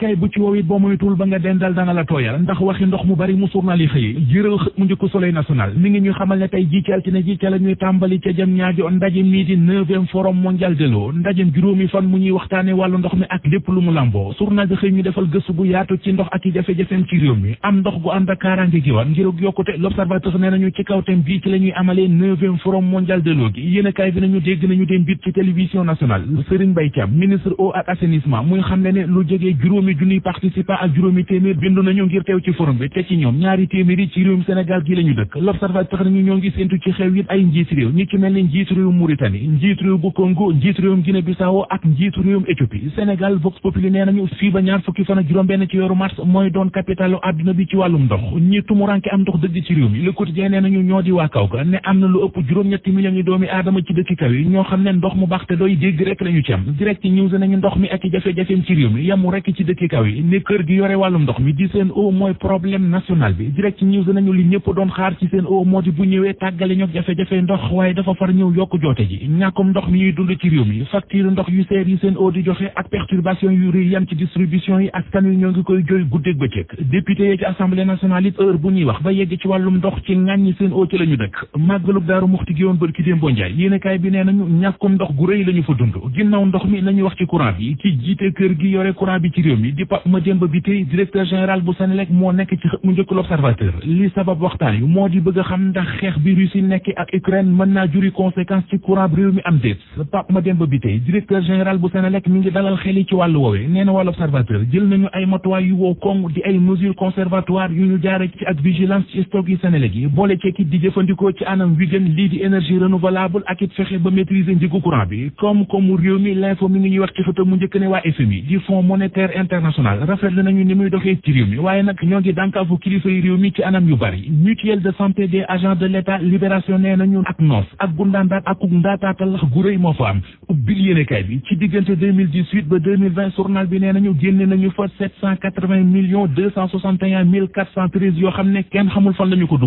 yéenekaay bu ci woow it boo moytuwul ba nga dendal dana la tooyal ndax waxi ndox mu bari mu journal yi xëye xët mu njëkk Soleil national mi ngi ñu xamal ne tey ji ci altine ji ca ndox mu i jafe-jafeem ci am ndox gi war ngirug yokkute l'observateur nee nañu ci kaw thème bii ci la ñuy amalee neuvième forum mondial de l'eau gi yéenekaay bi dégg nañu dem bit ci télévision nationale Serigne Mbaye Thiam ministre eau ak assainissement muy xam ne ne lu jógee juróomi juróomi junniy participant ak juróomi téeméer bindu nañu ngir teew ci forum bi te ci ñoom ñaari téeméer yi ci réewum Sénégal gi la ñu dëkk l'observateur nañu ñoo ngi séntu ci xew it ay njiit réew ñi ci mel ni njiit réewum Mauritanie njiit réew bu Congo njiit réewum Guinée Bissau ak njiit réewum Éthiopie Sénégal Vox Populi nee nañu fii ba ñaar fukki fan ak juróom benn ci weeru mars mooy doon capitalu àdduna bi ci wàllum ndox ñi tumuranke am ndox dëgg ci réew mi le quotidien nee nañu ñoo di waa kaw ga ne am na lu ëpp juróom-ñetti millions yi doomi aadama ci dëkki kaw yi ñoo xam ne ndox mu baax te doy dégg rek la ñu ci am direct news nañu ndox mi ak jafe-jafeem ci réew mi yamu rek ci dëkk dëkki kaw yi ne kër gi yore wàllum ndox mi di seen eau mooy problème national bi direct news nañu ñëpp doon xaar ci seen eau moo di bu ñëwee tàggale ndox waaye dafa far ñëw yokk joote ji ñàkkum ndox mi ñuy dund ci réew mi facture ndox yu seer seen eau di joxe ak perturbation yu rëy yam ci yi askan wi ñoo ngi koy jooy guddeeg bëccëg député yi ci ñuy wax ba yegg ci wàllum ndox ci ŋàññi seen eau ci la ñu dëkk màggalub daaru muxti gi woon bërki démboo njaay yéenekaay bi nee nañu ñàkkum ndox gu rëy la ñu fa dund ginnaaw ndox mi nañu wax ci courant bi ki jiite kër gi yore courant bi ci réew mi bi di Pape Mademba Bitèye directeur général bu Senelec moo nekk ci mu njëkk l'Observateur li sabab waxtaan yu moo di bëgg a xam ndax xeex bi Russie nekk ak Ukraine mën naa juri conséquence ci courant bi réew mi am déet Pape Mademba Bitèye directeur général bu Senelec mi ngi dalal xel ci wàllu woowee nee na waa jël nañu ay matuwaay yu woo kong di ay mesures conservatoires yu ñu jaare ci ak vigilance ci stock yi Senelec yi boole ceekit di jëfandikoo international rafetlu nañu ni muy doxee ci réew mi waaye nag ñoo ngi dànkaafu kilifa yi mi ci anam yu bari mutuelle de santé des agents de l'État libération nee nañu ak noos ak gundaandaat ak ndaataatal lax gu rëy moo fa am ubbil yéenekaay bi ci diggante 2018 ba 2020 journal bi nee nañu génne nañu fa 780 millions 261 mille 413 yoo xam ne kenn xamul fan la ñu ko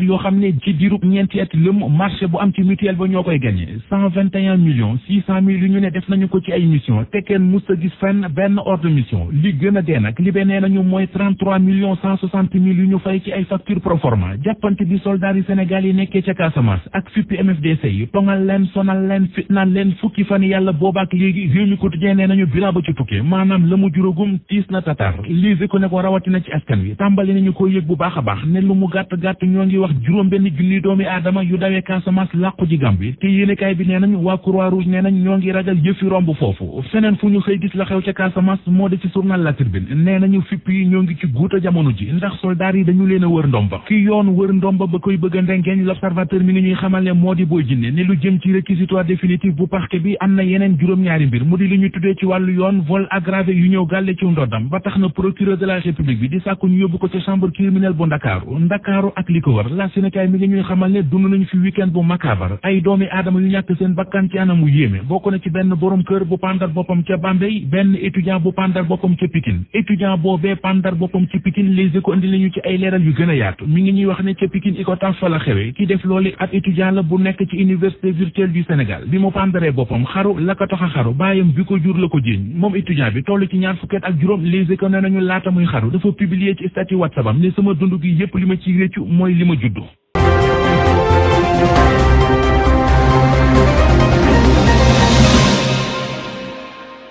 yoo xam ne ci diirub ñeenti at lëm marché bu nañu ko ci ay fenn benn ordre de mission li gën a dee nag li benee nañu mooy 33 millions 160 mille yu ñu fay ci ay facture proforma jàppante bi soldat yi Sénégal yi nekkee ca Casamance ak fippi MFDC yi tongal leen sonal leen fukki fan yàlla boobaak léegi réew mi quotidien nee nañu biraa ba ci tukkee maanaam la mu juróogum tiis na tatar lise ko ne ko rawatina ci askan wi tàmbali nañu ko yëg bu baax a baax ne lu mu gàtt gàtt ñoo ngi wax juróom benn junni doomi aadama yu dawee Casamance làqu ji Gambie la xew ca Casamance moo de ci journal La Tribune nee nañu fipp yi ñoo ngi ci guuta jamono ji ndax soldaar yi dañu leen a wër ndomba ki yoon wër ndomba ba koy bëgg a ndengeeñ l'observateur mi ngi ñuy xamal ne moo di booy jinne ne lu jëm na yeneen juróom-ñaari mbir mu di li ñu tuddee ci wàllu yoon vol aggravé yu ñëw gàlle ci ndoddam ba tax na procureur de la république bi di sàkku ñu yóbbu ko ca chambre criminelle bu Ndakaaru Ndakaaru ak li ko wër la Sénégal mi ngi ñuy xamal ne dund nañu fi week bu macabre bokk benn borom benn étudiant bu pandar boppam ca Pikine étudiant boobee pandar boppam ca Pikine les éco indi nañu ci ay leeral yu gën a yaatu mi ngi ñuy wax ne ca Pikine ICOTAF fa la xewe ki def loolu ab étudiant la bu nekk ci université virtuelle du Sénégal bi mu pandaree boppam xaru la ko tax a xaru bàyyam bi ko jur la ko jéeñ moom étudiant bi toll ci ñaar fukket ak juróom les éco ne nañu laata muy xaru dafa publier ci statut WhatsApp am ne sama dund gi yépp li ma ciy réccu mooy li ma juddu